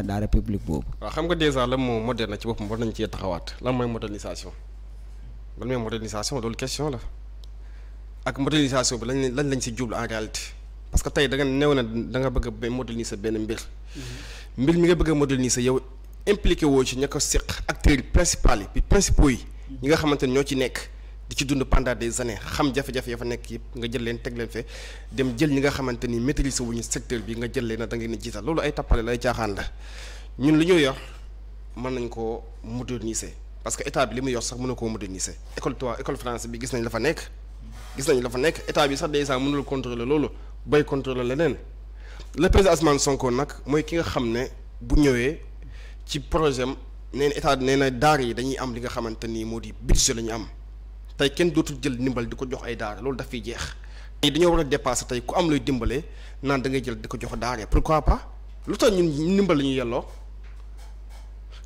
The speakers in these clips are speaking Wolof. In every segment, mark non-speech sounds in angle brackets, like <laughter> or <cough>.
de la république boobu. waaw xam nga a lan moo moderne ci boppam war nañ cee taxawaat lan mooy modernisation lan mooy modernisation loolu question la ak modernisation bi lañ lañ lañ si jublu en réalité parce que tey da nga néew na da nga bëgg a moderniser benn mbir. Mm-hmm. mbir mi nga bëgg a moderniser yow impliqué woo ci ña ko seq acteurs yi principal yi principaux yi. ñi nga xamante ne ñoo ci nekk. di ci dund pendant des années xam jafe-jafe ya fa nekk yëpp nga jël leen teg leen fe dem jël ñi nga xamante ni maîtriser wuñu secteur bi nga jël leen a da ngeen jiital loolu ay tappale la ay caaxaan la ñun li ñuy yor mën nañ koo moderniser parce que état bi li muy yor sax mën na ko moderniser école toi école française bi gis nañ la fa nekk gis nañ la fa nekk état bi sax des dèjà mënul contrôler loolu bay contrôler leneen le président Ousmane Sonko nag mooy ki nga xam ne bu ñëwee ci projet nee na état na daar yi dañuy am li nga xamante ni moo di budget la ñu am tey kenn dootul jël ndimbal di ko jox ay daara loolu daf fiy jeex tey dañoo war a dépasser tey ku am looy dimbale naan da ngay jël di ko jox pour pourquoi pa lu tax ñun ndimbal la ñuy yelloo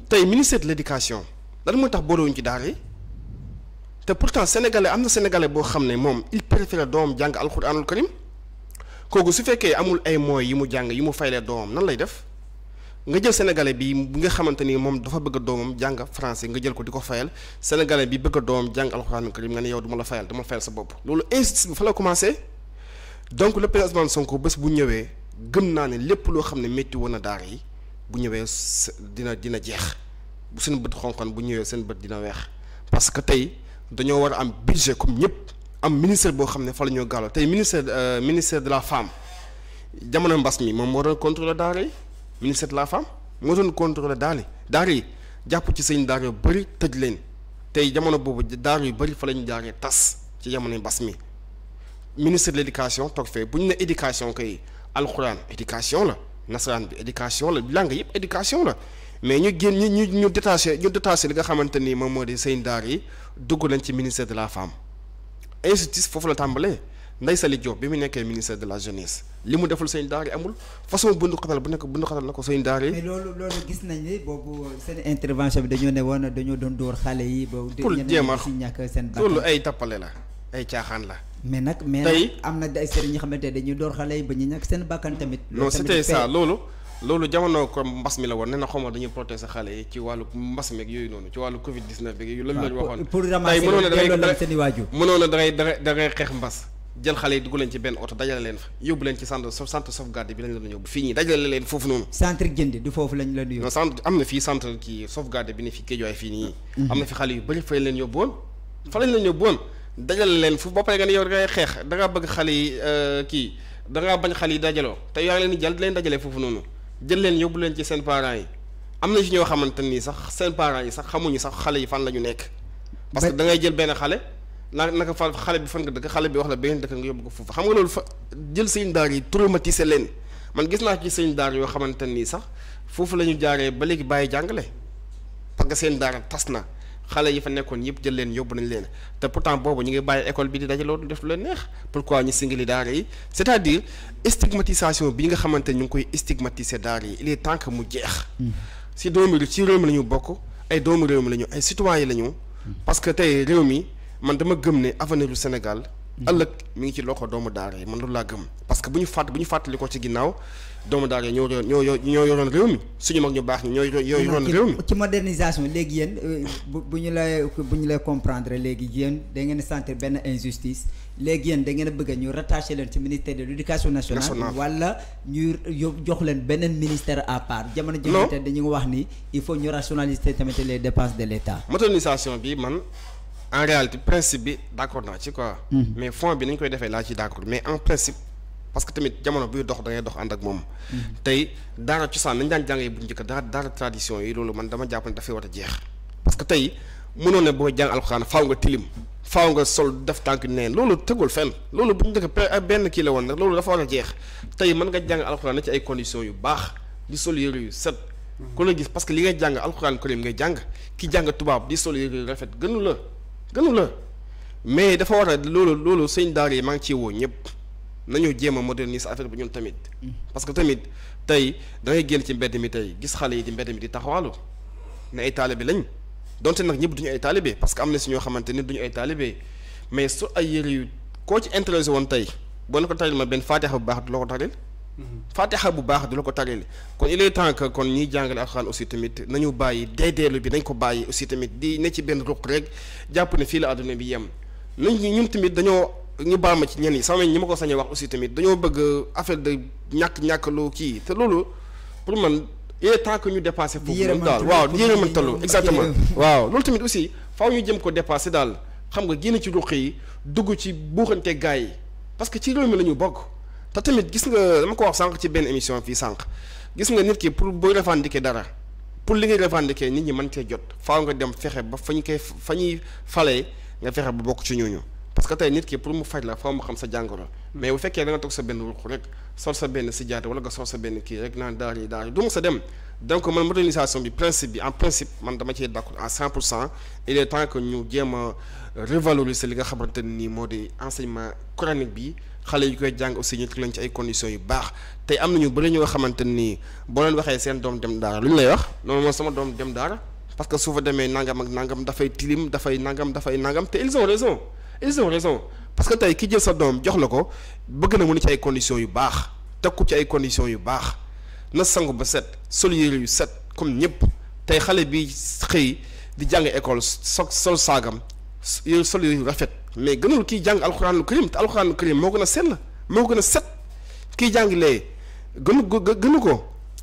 tey ministère de l'éducation lan mooy tax boolewuñ ci daara yi te pourtant sénégalais am na sénégalais boo xam ne moom il préfère doomam jàng alxuraanul karim kooku su fekkee amul ay moy yi mu jàng yi mu faylee doom nan lay def nga jël sénégalais bi bu nga xamante ni moom dafa bëgg a doomam jàng français nga jël ko di ko fayal sénégalais bi bëgg a doomam jàng alxuraan karim nga ne yow du ma la fayal dama fayal sa bopp loolu injustice bi fa la commencé donc le président Ousmane bés bu ñëwee gëm naa ne lépp loo xam ne métti na daara yi bu ñëwee dina dina jeex bu seen bët xonqoon bu ñëwee seen bët dina weex parce que tey dañoo war a am budget comme ñëpp am ministère boo xam ne fa la ñoo gàlloo tey ministère euh, ministère de la femme jamono mbas mi moom moo doon contrôler daara yi ministère de la femme moo doon contrôler daal daar yi jàpp ci sëñ daara yu bëri tëj leen tey jamono boobu daara yu bëri fa la ñu jaaree tas ci jamono mbas mi ministre de l' éducation fee bu ñu ne éducation kay alxuraan éducation la nasaraan bi éducation la langue yëpp éducation la mais ñu génn ñu ñu ñu détaché ñu détaché li nga xamante ni moom moo di sëñ daara yi dugg nañ ci ministère de la femme injustice foofu la tàmbalee. Ndeye Saly Diop bi mu nekkee ministère de la jeunesse li mu deful seen daara amul façon bundu xatal bu nekk bundu xatal na ko seen daara yi. loolu loolu gis nañ boobu euh, seen intervention bi dañoo ne woon dañoo doon dóor xale yi. ba ñeneen ñi si ñàkk seen la ay caaxaan la. mais nag mais nag am na ay sëriñ ñi xamante ne dañuy dóor xale ñu ñàkk seen bakkan tamit. loolu loolu. loolu ko mbas mi la woon nee na dañuy protéger xale yi ci wàllu mbas meeg yooyu noonu ci wàllu Covid 19 beeg yooyu. loolu la ñu waxoon pour pour ramasser loolu delloo xeex mbas jël xale yi dugg leen ci benn oto dajale leen fa yóbbu leen ci centre centre sauvegarde bi lañ la doon yóbbu fii ñii dajale leen foofu noonu. centre jënd du foofu lañ la doon yóbbu. non centre am na fii centre kii sauvegarde bi ne fii Guédiawaye fii nii. Mhm. am na fi xale yu bëri leen yóbbu leen yóbbu woon dajale leen foofu ba pare nga xeex da ngaa bëgg xale yi euh, kii da ngaa bañ xale yi dajaloo te yaa leen di jël di leen dajale foofu noonu jël leen yóbbu leen ci seen parents yi am na ci ñoo xamante nii sax seen parents yi sax xamuñu sax xale yi fan la ñu nekk parce que da ngay jël benn xale na naka fa xale bi fan nga dëkk xale bi wax la benn dëkk nga yóbbu ko foofu xam nga loolu fa jël sëñ daar yi traumatiser leen man gis naa ci sëñ daar yoo xamante nii sax foofu la ñu jaaree ba léegi bàyyi jàngale parce que seen daar tas na xale yi fa nekkoon yëpp jël leen yóbbu nañ leen te pourtant boobu ñu ngi bàyyi école bi di daje loolu def lu leen neex pourquoi ñu singali daara yi c'est-à-dire stigmatisation bi nga xamante ñu ngi koy stigmatiser daara yi il est mu jeex. Hmm. si doomu si réew mi la ñu bokk ay doomu réew mi la ñu ay citoyen la ñu. Hmm. parce que tey réew mi. man dama gëm ne avenir du Sénégal ëllëg mu ngi ci loxo doomu daara yi man loolu laa gëm parce que bu ñu bu ñu fàttali ko ci ginnaaw doomu daara yi ñoo ñoo ñoo yoroon réew mi suñu mag ñu baax ñi ñoo yoroon réew mi ci modernisation léegi yéen euh, bu ñu lay bu ñu lay comprendre léegi yéen da ngeen sentir benn injustice léegi yéen da ngeen a bëgg a ñu rattaché leen ci ministère de l' éducation nationale wala ñu jox leen beneen ministère à part jamono jëmte dañu wax ni il faut ñu rationaliser tamit les dépenses de l' état modernisation bi man en réalité principe bi d' accord naa ci quoi. Mhm. mais fond bi nañ koy defee laa ci d' mais en principe parce que tamit jamono buy dox da ngay dox ànd ak moom. Mhm. tey daara cosaan nañ daan jàngee bu njëkk daara daara tradition yi loolu man dama jàpp ne dafay war a jeex. parce que tey mënoon ne boo jàng alxuraan faaw nga tilim. faaw nga sol def tànk neen loolu tëggul fenn loolu bu njëkk benn kii woon nag loolu dafa war a jeex tey mën nga jàng alxuraan ci ay conditions yu baax di sol yëre yu set. Mhm. ku la gis parce que li ngay jàng alxuraan karim nga jàng ki jàng tubaab di sol yëre yu rafet gënu la. gënu la mais dafa war a loolu loolu sëñ daara yi maa ngi ciy woo ñëpp nañu jéem a moderniser affaire bi ñun tamit. Mm. parce que tamit tey da ngay génn ci mbedd mi tey gis xale yi di mbedd mi di taxawaalu ne ay taalibe lañ donte nag ñëpp duñu ay taalibe parce que am na si ñoo xamante ne duñu ay taalibe mais su ay yëre yu koo ci intéressé woon tey boo ne ko taril ma benn faatixa bu baax du la ko taril fàtte fatiha bu baax du la ko taril kon il est temps que kon ñuy jàngale alxuraan aussi tamit nañu bàyyi deedeelu bi nañ ko bàyyi aussi tamit di ne ci benn ruq rek jàpp ne fii la àdduna bi yem nañ ñun tamit dañoo ñu baal ma ci ñenn yi sama ñi ma ko sañee wax aussi tamit dañoo bëgg affaire de ñàkk ñàkk lu kii te loolu pour man il est temps que ñu dépassé foofu moom daal waaw yërëmantalu exactement waaw loolu tamit aussi faaw ñu jëm ko dépassé daal xam nga génn ci ruq yi dugg ci buuxante gaa yi parce que ci réew mi la ñu bokk te tamit gis nga dama ko wax sànq ci benn émission fii sànq gis nga nit ki pour booy revendiquer dara pour li ngay revendiquer nit ñi mën cee jot faaw nga dem fexe ba fa ñu koy fa ñuy falee nga fexe ba bokk ci ñooñu parce que tey nit ki pour mu faj la faaw mu xam sa jàngoro mais bu fekkee da nga sa benn ruq rek sol sa benn si sijaata wala nga sol sa benn kii rek naan daal yi daal du mu sa dem donc man modernisation bi principe bi en principe man dama cee d'accord à cent pour cent il est temps que ñu jéem a revaloriser li nga xamante nii moo di enseignement coranique bi xale yu koy jàng aussi ñu teg leen ci ay conditions yu baax tey am nañu bëri ñoo xamante nii boo leen waxee seen doom dem daara lu ñu lay wax noonu moom sama doom dem daara parce que su fa demee nangam ak nangam dafay tilim dafay nangam dafay nangam te ils ont raison ils ont raison parce que tey ki jël sa doom jox la ko bëgg na ci ay conditions yu baax teg ko ci ay conditions yu baax na sangu ba set sol yére yu set comme ñëpp tey xale bi xëy di jàng école so sol saagam yooyu sol yére yu rafet mais gënul kiy jàng alxuraanul karim te alxuraanul karim moo gën a sell moo gën a set kiy jàng lee gënu gënu ko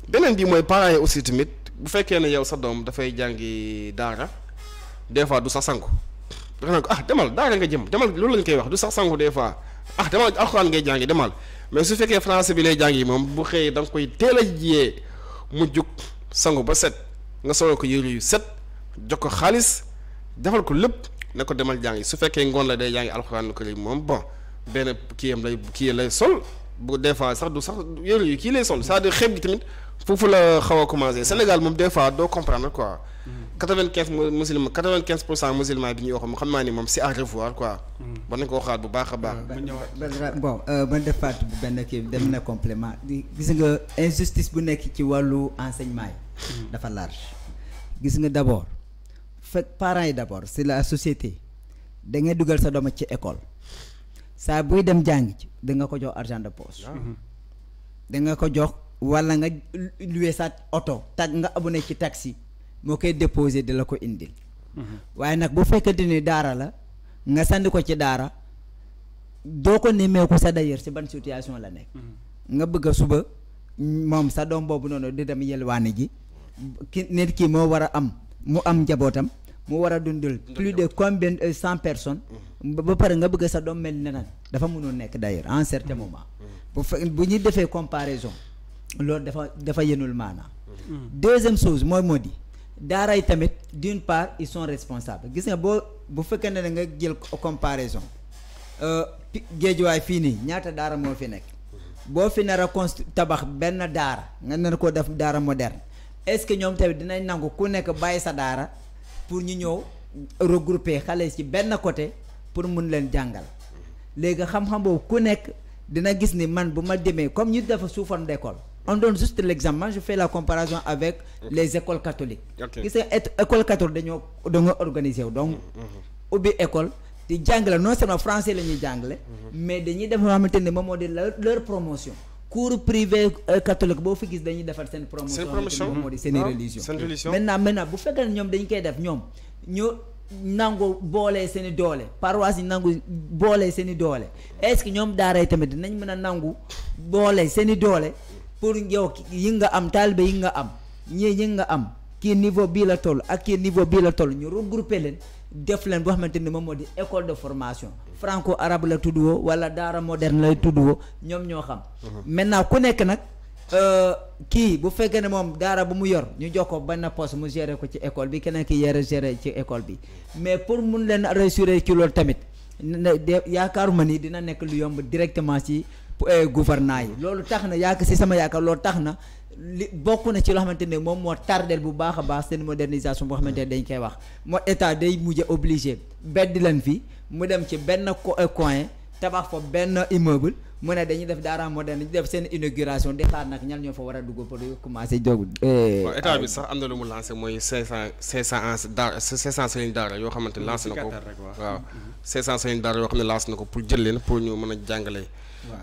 beneen bi mooy parents aussi tamit bu fekkee ne yow sa doom dafay jàngi daara des fois du sax sangu dafa naan ko ah demal daara nga jëm demal loolu lañ koy wax du sax sangu des fois ah demal alxuraan ngay jàngi demal mais su fekkee français bi lay jàng yi moom bu xëyee da nga koy teel a jiyee mu jug sangu ba set nga solo ko yëre yu set jox ko xaalis defal ko lépp ne ko demal jàngi su fekkee ngoon la day jàngi alxuraan ko léegi moom bon benn kii am lay kii lay sol bu des fois sax du sax yëre yu kii lay sol c'est-à-dire xeeb gi tamit foofu la xaw a commencé Sénégal moom des fois doo comprendre quoi quatre-vingt-quinze musulman quatre-vingt-quinze pour cent musulman bi ñuy wax mu xam naa ni moom c'est à revoir quoi. war nañ ko waxaat bu baax a baax. bon euh, ma defaat benn kii dem na complément gis nga injustice bu nekk ci wàllu enseignement yi. Hmm. dafa large. gis nga d'abord fekk parents yi d'abord c'est la société da ngay dugal sa doom ci école saa buy dem jàng ci da nga ko jox argent de poche. Ah. Hmm. da nga ko jox wala nga luwe sa oto. tag nga abonné ci taxi. moo koy déposé di la ko indil. waaye nag bu fekkente ni daara la nga sànni ko ci daara boo ko nemmeeku sa d'ailleurs si ban situation la nekk. nga bëgg suba moom sa doom boobu noonu di dem yelwaani ji ki nit kii moo war a am mu am njabootam mu war a dundal plus de combien euh, cent personnes. ba pare nga bëgg sa doom ne nan dafa mënoon nekk d'ailleurs en certain moment. bu fe bu ñuy defee comparaison loolu dafa dafa yënul maanaam. Mm. deuxième chose mooy moo daara yi tamit d'une part ils sont responsables gis nga boo bu fekkee ne da nga jël comparaison euh, géejuwaay fii nii ñaata daara moo fi nekk boo fi nar a tabax benn daara nga nar koo def daara moderne est-ce que ñoom tamit dinay nangu ku nekk bàyyi sa daara pour ñu ñëw regrouper xale ci benn côté pour mun leen jàngal léegi xam-xam boobu ku nekk dina gis ni man bu ma demee comme ñu dafa sous forme d'école on donne juste l'examen je fais la comparaison avec les écoles catholiques gis nga école catholique dañoo dañoo organisé wu donc mm-hmm. Mm-hmm. ubbi école di jàngale non seulement français la ñuy jàngale mm-hmm. mais dañuy def xamante ne moom moo di leur leur promotion cours privé euh, catholique boo fi gis dañuy defar seen promotion moom moo di ah, seen religion maintenant maintenant bu fekkee ne ñoom dañu koy def ñoom ñu nangu boolee seen i doole paroisse yi nangu boolee seen i doole est-ce que ñoom daara yi tamit dinañ mën a nangu boolee seen i doole pour yow yi nga am taalibe yi nga am ñii yi nga am kii niveau bii la toll ak kii niveau bii la toll ñu regrouper leen def leen boo xamante ni moom moo di école de formation franco arabe la tudd woo wala daara moderne lay tudd woo ñoom ñoo xam. Mhm. maintenant ku nekk nag. Euh, kii bu fekkee ne moom daara bu mu yor ñu jox ko benn poste mu gérer ko ci école bi keneen ki yore gérer ci école bi mais pour mun leen réussir ci loolu tamit yaakaaruma ni dina nekk pour eh, gouvernement yi loolu tax na yaakaar si sama yaakaar loolu tax na li bokk na ci loo xamante ne moom moo tardel bu baax a baax seen modernisation boo xamante ne dañ koy wax moo état day mujj obligé beddi leen fi mu dem ci benn eh, coin tabax fa benn immeuble mu ne dañuy def daara def seen inauguration di xaar nag ñan ñoo fa war a dugg pour eh. bi sax am na lu mu lancé mooy cinq cent cinq daara yoo xamante lance na ko waaw mm-hmm. cinq cent sëriñ daara yoo xam ne na ko pour jël leen pour ñu mën a jàngale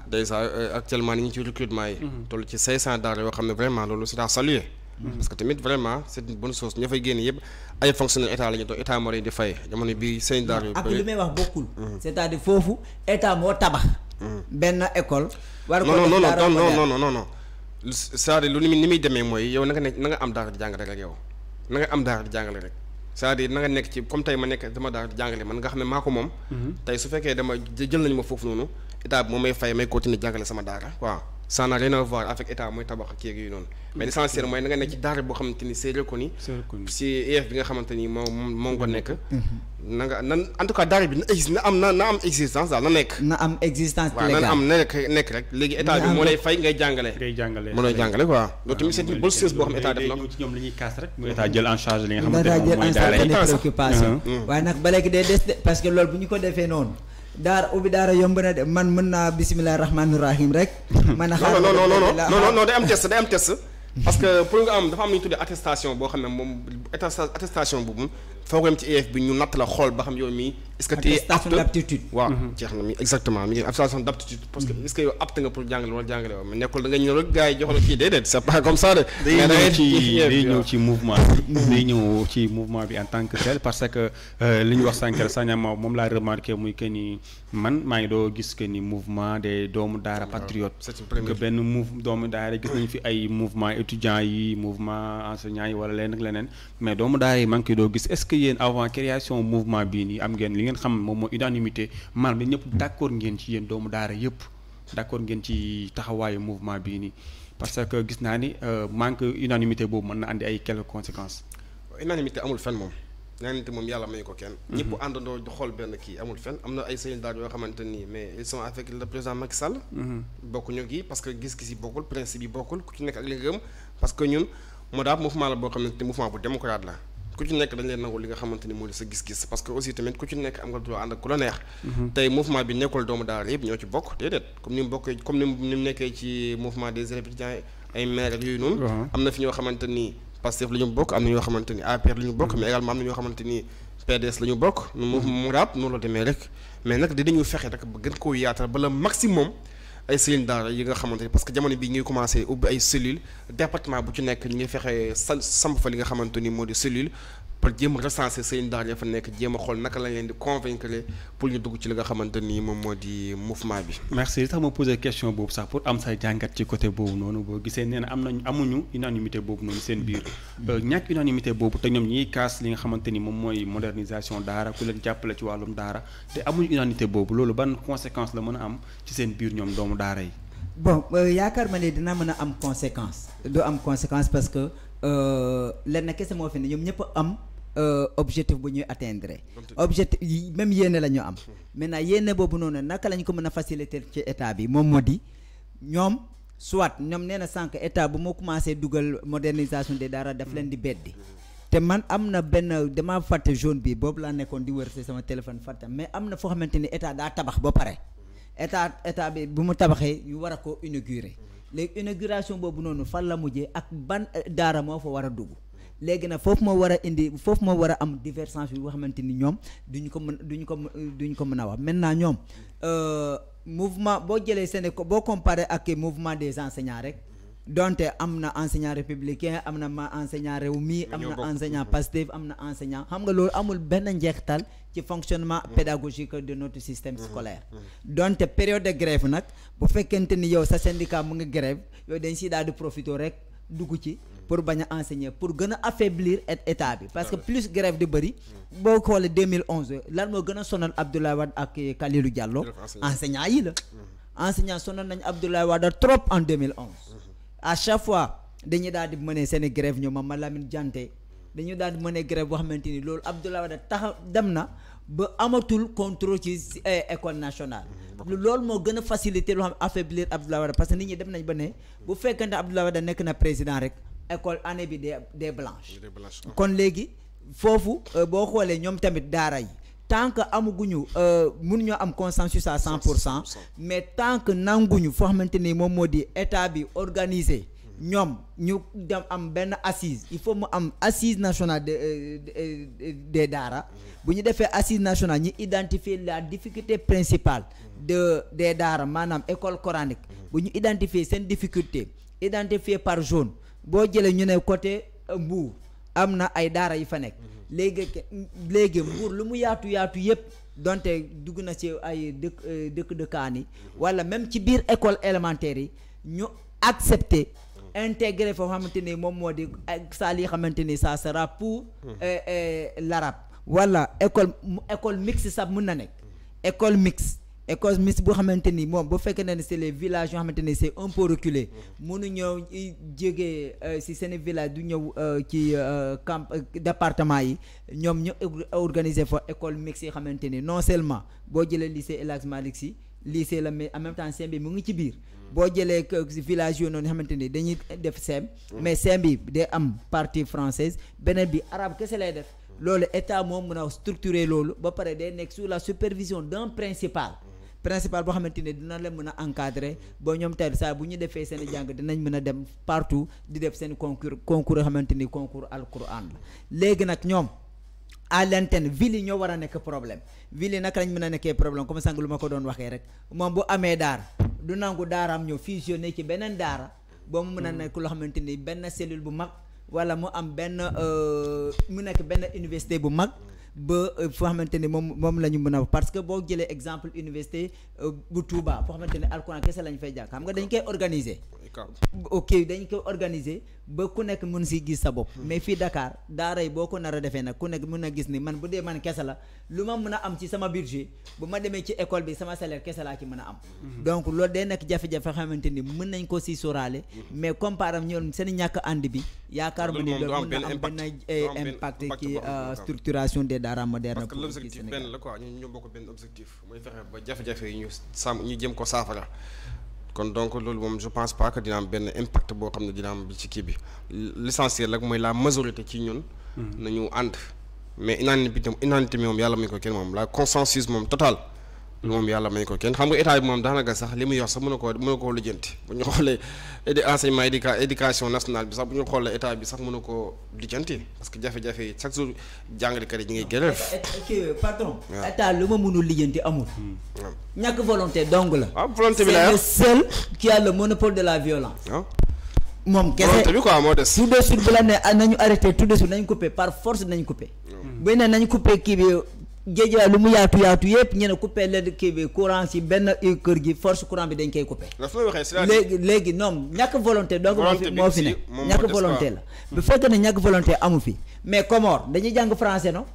dèjà euh, actuellement ni ñu ci recrutement yi mhm. toll ci cinq cent daara yoo xam ne vraiment loolu c'est à saluer mhm. parce que tamit vraiment c'est une bonne chose ña fay yëpp ay fonctionnaires état la ñu doon moo leen fay jamono bii seen daara yu ak mhm. benn école war ko non non non non non non non c'est-à-dire mooy yow na nga nekk na nga am daara di jàngale rek yow na nga am daara nekk ci comme tey ma nekk dama daal di jàngale man nga xam ne maa ko moom. tey su fekkee dama jël nañu ma foofu noonu. état bi moom may fay may continuer jàngale sama daara waaw ça n'a rien à voir avec état mooy tabax ak yéeg yooyu noonu mais l'essentiel mooy na nga nekk ci daara boo xamante ni c'est reconnu si EF bi nga xamante ni moo moo ko nekk mhm. na nga nan en tout cas daara bi na exi na am na na am existence daal na nekk na am existence waaw na am na nekk nekk rek léegi état bi moo lay fay ngay jàngale ngay jàngale moo lay jàngale quoi ah, loolu tamit c'est une bonne chose boo xam état def na ko ci ñoom la ñuy kaas rek mu état mhm. jël en charge li nga xamante ne mooy daara yi préoccupation ah. waaye nag ba léegi day des parce que loolu bu ñu ko defee noonu daar ubbi daara yomb na de man mën naa bisimilah rahmaani rahim rek. Hmm. man a xaaral non non non non non day am test day am test. parce que pour nga am dafa am lu ñu tuddee attestation boo xam ne moom attestation boobu foo ko dem ci IEF bi ñu natt la xool ba xam yow mii est-ce que tey apte d'aptitude waaw mhm. jeex na mi exactement mi ngi attestation d'aptitude parce que est <laughs> euh, li ñu wax sànqal Sagna moom laa remarqué muy que man maa ngi doo gis que ni mouvement des doomu daara patriotes que benn mouv doomu daara gis nañu fi ay mouvement étudiants yi mouvement enseignants yi wala leneen ak leneen mais doomu daara yi maa ngi doo gis que yéen avant création mouvement bii nii am ngeen li ngeen xam moom mooy unanimité maanaam dañ ñëpp d'accord ngeen ci yéen doomu daara yëpp d'accord ngeen ci taxawaayu mouvement bii nii parce que gis naa ni euh, manque unanimité boobu mën na andi ay quelques conséquence unanimité amul fen moom unanimité moom yàlla may ko kenn mhm. ñëpp àndandoo xool benn kii amul fen am na ay sëñ daara yoo xamante nii mais ils sont avec le président Macky Sall mhm. bokkuñu kii parce que gis-gis yi bokkul principe yi bokkul ku ci nekk ak li nga la boo xamante mouvement bu démocrate la ku ci nekk dañ leen nangu li nga xamante ni moo di sa gis-gis parce que aussi tamit ku ci nekk am nga droit ànd ak ku la neex mhm. tey mouvement bi nekkul doomu daara yëpp ñoo ci bokk déedéet comme ni mu bokkee comme ni mu nekkee ci mouvement des élèves étudiants ay maire yooyu noonu am na fi ñoo xamante ni Pastef la bokk am na ñoo xamante ni APR la ñu bokk mhm. mais également am na ñoo xamante ni PDS bokk mhm. mu mu daab noonu la demee rek mais nag dinañu fexe rek ba gën koo yaatal ba la maximum ay cellule daara yi nga xamante ni parce que jamono bi ñuy commencé ubbi ay cellule département bu ci nekk ñu ngi fexe samp fa li nga xamante ni moo di cellule par jéem a recenser sëriñ daara ya fa nekk jéem a xool naka lañ leen di convaincre pour ñu dugg ci li nga xamante moom moo di mouvement bi. merci li tax ma posé question boobu sax pour am sa jàngat ci côté boobu noonu boo gisee nee na am nañ amuñu unanimité boobu noonu seen biir mm. euh, ñàkk unanimité boobu te ñoom ñiy kaas li nga xamante ni moom mooy modernisation daara ku leen jàppale ci wàllum daara te amuñu unanimité boobu loolu ban conséquence la mën a am seen biir ñoom doomu daara yi. bon euh, yaakaar ma ne dina mën a am conséquence. du am conséquence parce que euh, lenn kese moo fi ne ñoom ñëpp am. Euh, objectif bu ñuy atteindre objectif même yéene la ñu am maintenant yéene boobu noonu naka lañ ko mën a faciliter ci état bi moom moo di ñoom soit ñoom nee na sànq état bu moo commencé dugal modernisation des daara daf leen di beddi te man am na benn damaa fàtte jaune bi boobu laa nekkoon di wër si sama téléphone fàtte mais am na foo xamante ni état daa tabax ba pare état état bi bu mu tabaxee ñu war a ko inaugurer léegi inauguration boobu noonu fan la mujjee ak ban euh, daara moo fa war a dugg léegi nag foofu moo war a indi foofu moo war a am divergence yu nga xamante ni ñoom duñu ko mën duñu ko duñu ko mën a wax maintenant ñoom euh, mouvement boo jëlee seen boo comparé ak mouvement des enseignants rek donte am na enseignant républicain am na ma enseignant réew mii am na enseignant Pastef am na enseignant xam nga loolu amul benn njeextal ci fonctionnement mm. pédagogique de notre système mm. Mm. scolaire donte période de grève nag bu fekkente ni yow sa syndicat mu ngi grève yooyu dañ si daal di profité rek dugg ci pour bañ a enseigner pour gën a affaiblir état bi parce que plus grève di bëri boo xoolee 2011 lan moo gën a sonal Abdoulaye Wade ak Kalilou Diallo enseignant yi la enseignant sonal nañ Abdoulaye Wade trop en 2011 à chaque fois dañuy daal di mënee seen i grève ñoom Mamadou Lamine Diante dañu daal di mënee grève boo xamante ni loolu Abdoulaye Wade tax dem na ba amatul contrôle ci eh, école nationale. Mhm, loolu moo gën a faciliter loo xam affaiblir Abdoulaye Wade parce que nit ñi dem nañ ba ne. bu fekkante Abdoulaye a nekk na président rek école année bi des des blanches. kon léegi foofu euh, boo xoolee ñoom tamit daara yi. tant que amuguñu euh, mënuñoo am consensus à cent pour cent mais tant que nanguñu foo xamante ni moom moo di état bi organiser ñoom ñu dem am benn assise il faut mu am assise nationale de euh, euh, euh, des daara bu ñu defee assise nationale ñu identifier la difficulté principale de des daara maanaam école coranique bu ñu identifier seen difficulté identifier par zone boo jëlee ñu ne côté Mbour am na ay daara yi fa nekk léegi léegi Mbour lu mu yaatu yaatu yépp donte dugg na ci ay dëkk dëkk dëkkaan yi walla même ci biir école élémentaire yi ñu accepter intégrer foo xamante ni moom moo di eh, saal yi xamante ni ça sera pour hmm. eh, eh, l'arabe wala école école mixte sax mun na nekk école mixte école mixte boo xamante ni moom bu fekkee ne c'est les village yoo xamante ni c'est un peu reculé hmm. munu ñëw jógee si seen village du ñëw ci camp département yi ñoom ñu organiser fa école mixte yi xamante ni non seulement boo jëlee lycée El Hadj Malick Sy la mais en même temps seen mu ngi ci biir boo jëlee village yooyu noonu xamante ni dañuy def sem mais sem bi day am partie française beneen bi arabe kese lay def loolu état moom mën a structurer loolu ba pare day nekk sous la supervision d'un principal principal boo xamante ne dina leen mën a encadrer boo ñoom tey saa bu ñu defee seen jàng dinañ mën a dem partout di def seen concur concur yoo xamante ni concours alquran la léegi nag ñoom à l'antenne ville yi ñoo war a nekk problème ville yi naka lañ mën a nekkee problème comme sànq lu ma ko doon waxee rek moom bu amee daar du nangu daaraam ñëw fii fusionné ci beneen daara boo mu mën a mm. nekk loo xamante ni benn cellule bu mag wala mu am benn euh, mu nekk benn université bu mag ba euh, foo xamante ni moom moom la ñu mën a parce que boo jëlee exemple université euh, bu Touba foo xamante ni alxuraan kese la ñu fay jàng xam nga dañ koy organiser ok dañ koy organiser ba ku nekk mun si gis sa bopp mais fii Dakar daara yi boo ko nar defee nag ku nekk mun na gis ni man bu dee man kese la lu ma mën a am ci sama budget bu ma demee ci école bi sama salaire kese laa ci mën a am mhm. donc loolu dee nekk jafe-jafe xamante ni mën nañ ko si sóoraale mais comme par exemple ñoom seen ñàkk ànd bi yaakaar ma ni loolu mën na eh, am benn impact ci euh, structuration des daara modernes parce que l'objectif benn la quoi ñu ñoo bokk benn objectif mooy fexe ba jafe-jafe yi ñu sàmm ñu jëm ko saafara kon donc loolu moom je pense pas que dina benn impact boo xam ne dina am ci kii bi l'essentiel rek mooy la majorité ci ñun. Hmm. na ñu ànd mais unanimité unanimité moom yàlla muy ko kenn moom la consensus moom total. moom yàlla may ko kenn xam nga état bi moom daanaka sax li mu yor sax mën na koo mën na koo lijjanti bu ñu xoolee enseignement état bi sax mën na koo lijjanti parce que jafe-jafe yi chaque jour jàngalekat yi ñu ngi grève patron état lu ma mënul lijjanti amul hmm. ñàkk volonté dong la waaw ah, volonté bi la c'est le seul qui a le monopole de la violence waaw ah. moom kese bi quoi moo des tout de suite bu la ne ah, nañu arrêté tout de suite nañu coupé par force nañu coupé hmm. bu ne nañu géej lu mu yaatu yaatu yëpp ñu ne coupé leen kii bi courant si benn kër gi force courant bi dañ koy coupé. léegi léegi ñoom ñàkk volonté. donc moo fi ne ñàkk volonté la. bu fekkee ne ñàkk volonté amu fi mais Comores dañuy jàng français non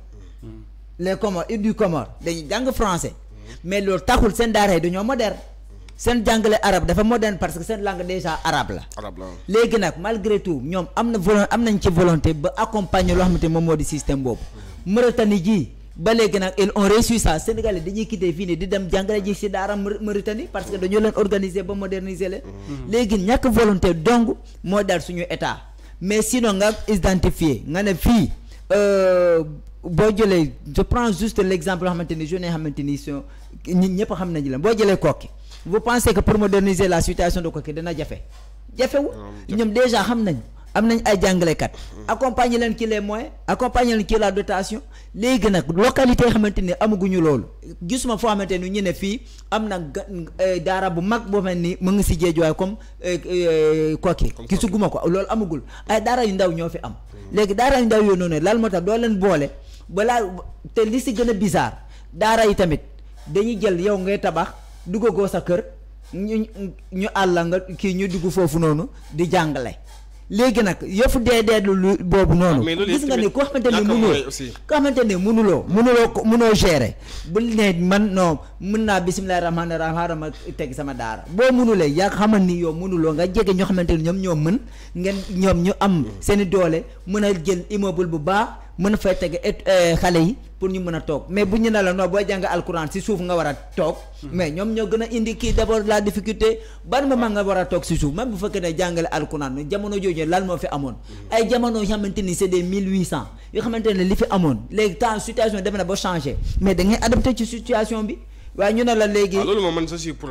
mm. les Comores îles dañuy jàng français mais loolu taxul seen daara dañoo moderne seen jàngale arab dafa moderne parce que seen langue déjà arabe la. léegi nag malgré tout ñoom am na volonté am nañ ci volonté ba accompagner loo xamante moom moo di système boobu mm. Mauritanie ji. ba léegi nag ils ont réussi ça Sénégalais dañuy quitté fii nii di dem jàngale ji si daara Mauritanie parce que dañu leen organiser ba moderniser leen. Mm-hmm. léegi ñàkk volonté dong moo dal suñu état mais sinon nga identifier nga ne fii euh, boo jëlee je prends juste l' exemple xamante ni jeunes yoo xamante ni sont ñun ñëpp xam nañu la boo jëlee Kokki bu pensez ko pour moderniser la situation de Kokki dana jafe jafewul ñoom déjà xam nañ am nañ ay jàngalekat. accompagner leen ci les moyens accompagner leen ci la dotation léegi nag localité yi xamante ni amaguñu loolu gisuma foo xamante ni ñu ne fii am na eh, daara bu mag boo mel ni mu ngi si jéejuwaay eh, eh, comme Koki gisuguma ko loolu amagul ay daara yu ndaw ñoo fi am léegi daara yu ndaw yooyu noonu lan moo tax doo leen boole balaa te li si gën a bizarre daara yi tamit dañuy jël yow ngay tabax duggagoo sa kër ñu ñu àll nga kii ñu dugg foofu noonu di jàngale léegi nag yëfu dee deetlu lu boobu ah, noonu gis nga ni ko xamante ne mënuloo ku xamante ne mënuloo mënuloo ko mënoo gérer bu nee man non mën naa bisimilahi rahmaani rahim xaaral ma teg sama daara boo mënulee yaa xamal ni yow mënuloo nga jege ñoo xamante ne ñoom ñoo mën ngeen ñoom ñu am mm. seen i doole mën a jël immeuble bu baax mën a fay teg euh, xale yi pour ñu mën a toog mais bu ñu ne la non booy jàng alxuraan si suuf nga war a toog. Hmm. mais ñoom ñoo gën a indi kii d' abord la difficulté ban moment nga war a toog si suuf même bu fekkee ne jàngale alxuraan jamono jooju lan moo fi amoon. Hmm. ay jamono yoo xamante ni c' est mille huit cent yoo xamante ne li fi amoon léegi temps situation dem na ba changé mais da ngay adapté ci situation bi. waaye ñu ne la léegi loolu moom man je suis pour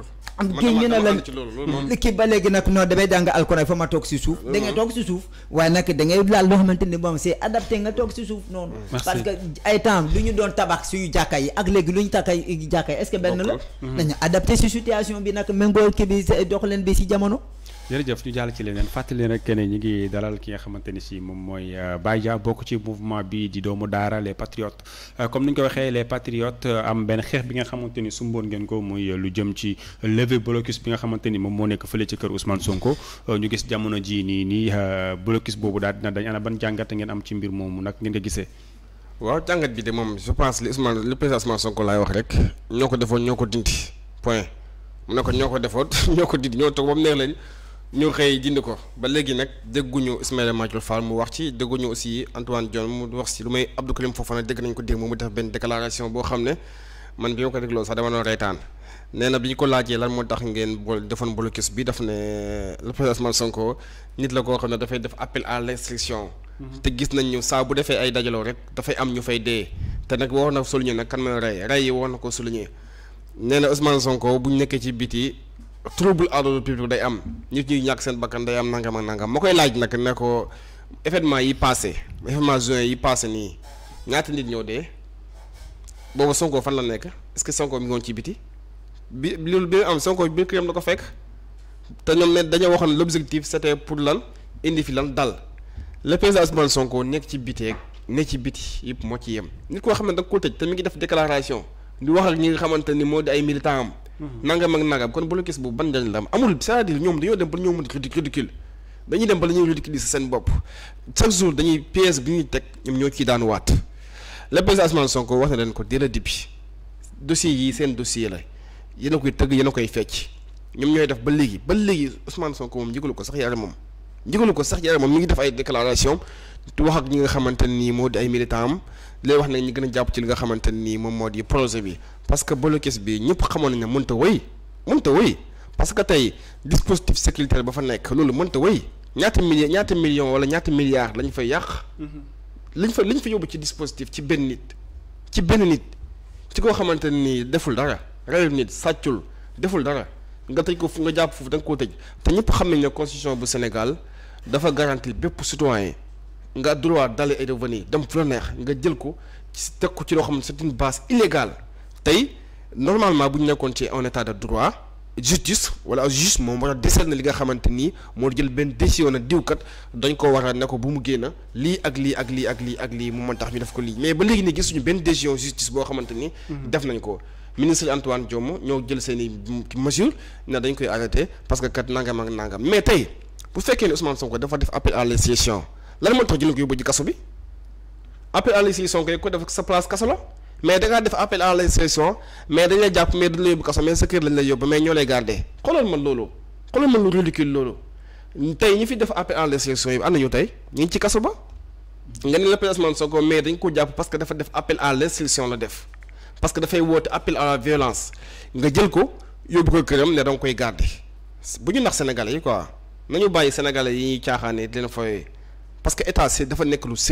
kii ñu ne la kii ba léegi nag non damay jàng alxuraan fa ma toog si suuf da ngay si suuf waaye nag da ngay laal loo xamante ni moom c'est adapté nga toog si suuf noonu mm. parce que ay temps lu ñu doon tabax suñu jàkka yi ak léegi lu ñu takka jàkka yi est-ce que benn la dañu adapté si situation bi nag méngoo kii bi dox leen bi si jamono jërëjëf ñu jàll ci leneen fàttali leen rek keneen ñu ngi dalal ki nga xamante ni si moom mooy euh, Baye Dia bokk ci mouvement bi di doomu daara les patriotes euh, comme ni ñu ko waxee les patriotes euh, am benn xeex bi nga xamante ni sumboon ngeen ko muy lu jëm ci lever blocus bi nga xamante ni moom moo nekk fële ci kër Ousmane Sonko ñu gis jamono ji nii nii blocus boobu daal dina dañ ana ban jàngat ngeen am ci mbir moomu nag ngeen ko gisee. waaw jàngat bi de moom je pense li Ousmane li président Ousmane Sonko laay wax rek ñoo ko defoon ñoo ko dindi point mu ne ko ñoo ko <laughs> ñu xëy dindi ko ba léegi nag dégguñu Ismaïla Madior Fall mu wax ci dégguñu aussi Antoine Diome mu wax si lu may Abdou Karim Fofana dégg nañ ko dégg mu def benn déclaration boo xam ne man bi ma ko dégloo sax dama doon na bi ñu ko laajee lan moo tax ngeen bool defoon blocus bi daf ne le président Ousmane Sonko nit la koo ne dafay def appel à l'instruction mhm. te gis nañ ñu saa bu defee ay dajaloo rek dafay am ñu fay dee. te nag wax na souligné nag kan ma rey rey yi wax na ko souligné nee na Ousmane Sonko bu ñu nekkee ci biti. trouble à l'ordre public day am nit ñuy ñàkk seen bakkan day am nangam ak nangam ma koy laaj nag ne ko événement yi passé événement juin yi passé nii ñaata nit ñoo dee boobu Sonko fan la nekk est-ce que Sonko mi ngi woon ci biti bi loolu bi am Sonko biir yem la ko fekk te ñoom ne dañoo waxoon l'objectif c'était pour lan indi fi lan dal le président Sonko nekk ci biti ne ci biti yëpp moo ci yem nit koo xam ne da nga ko te mi ngi def déclaration di wax ak ñi nga xamante ni moo de ay militant am nangam ak nangam kon blocus boobu ban njëriñ la am amul c'est-à-dire ñoom dañoo dem ba ñoo mën ridicule dañuy dem ba la ñuy ridicule si seen bopp chaque jour dañuy pièce bi ñu teg ñoom ñoo ciy daan waat le président Ousmane Sonko wax na leen ko dès le début dossier yi seen dossier la yéen koy tëgg yéen a koy fecc ñoom ñooy def ba léegi ba léegi Ousmane Sonko moom njëgalu ko sax yaram moom njëgalu ko sax yaram moom mi ngi def ay déclaration wax ak ñi nga xamante nii moo di ay militant am léegi wax nañ ñu gën a jàpp ci li nga xamante ni moom moo di projet bi parce que blocus bi ñëpp xamoon nañ ne mënut a wéy mënut a parce que tey dispositif sécuritaire ba fa nekk loolu mënta a ñaata million ñaata million wala ñaata milliards lañ mm-hmm. fa yàq. liñ fa liñ fa yóbbu ci dispositif ci benn nit ci benn nit ci koo xamante nii deful dara reyul nit sàccul deful dara nga tëj ko fu nga jàpp foofu da nga koo tëj te ñëpp xam nañ ne constitution bu Sénégal dafa garantir bépp citoyen nga droit d'aller et de venir dem fu la neex nga jël ko teg ko ci loo xam ne c'est une base illégale tey normalement bu ñu nekkoon ci en état de droit justice wala juge moom war a desal na li nga xamante nii moo jël benn décision na diwkat dañ ko war a ne ko bu mu génn lii ak lii ak lii ak lii ak lii mu mën tax ñu def ko lii mais ba léegi nii gisuñu benn décision justice boo xamante ni mhm. def nañ ko ministre Antoine Diome ñoo jël seen i mesure ne dañ koy arrêté parce que kat nangam ak nangam mais tey bu fekkee ne Ousmane Sonko dafa def à la lan moo tax jëlee ko yóbbu ci kaso bi appel à l'insurrection koy ko def sa place kaso la mais da ngaa def appel à l'insurrection mais dañ lay jàpp mais dañ lay yóbbu kaso mais sa kër lañ lay yóbbu mais ñoo lay garder xoolal man ñi fi def appel à l'insurrection yi am nañu tey ñu ngi ci kaso ba. nga ne la Ousmane Sonko mais dañ ko jàpp parce que dafa def appel à la def parce que dafay woote appel à la nga jël ko yóbbu ko këram ne danga koy garder bu ñu nax senegal yi quoi nañu bàyyi sénégalais yi ñuy caaxaanee di leen fooyee parce que état c'est dafa nekk lu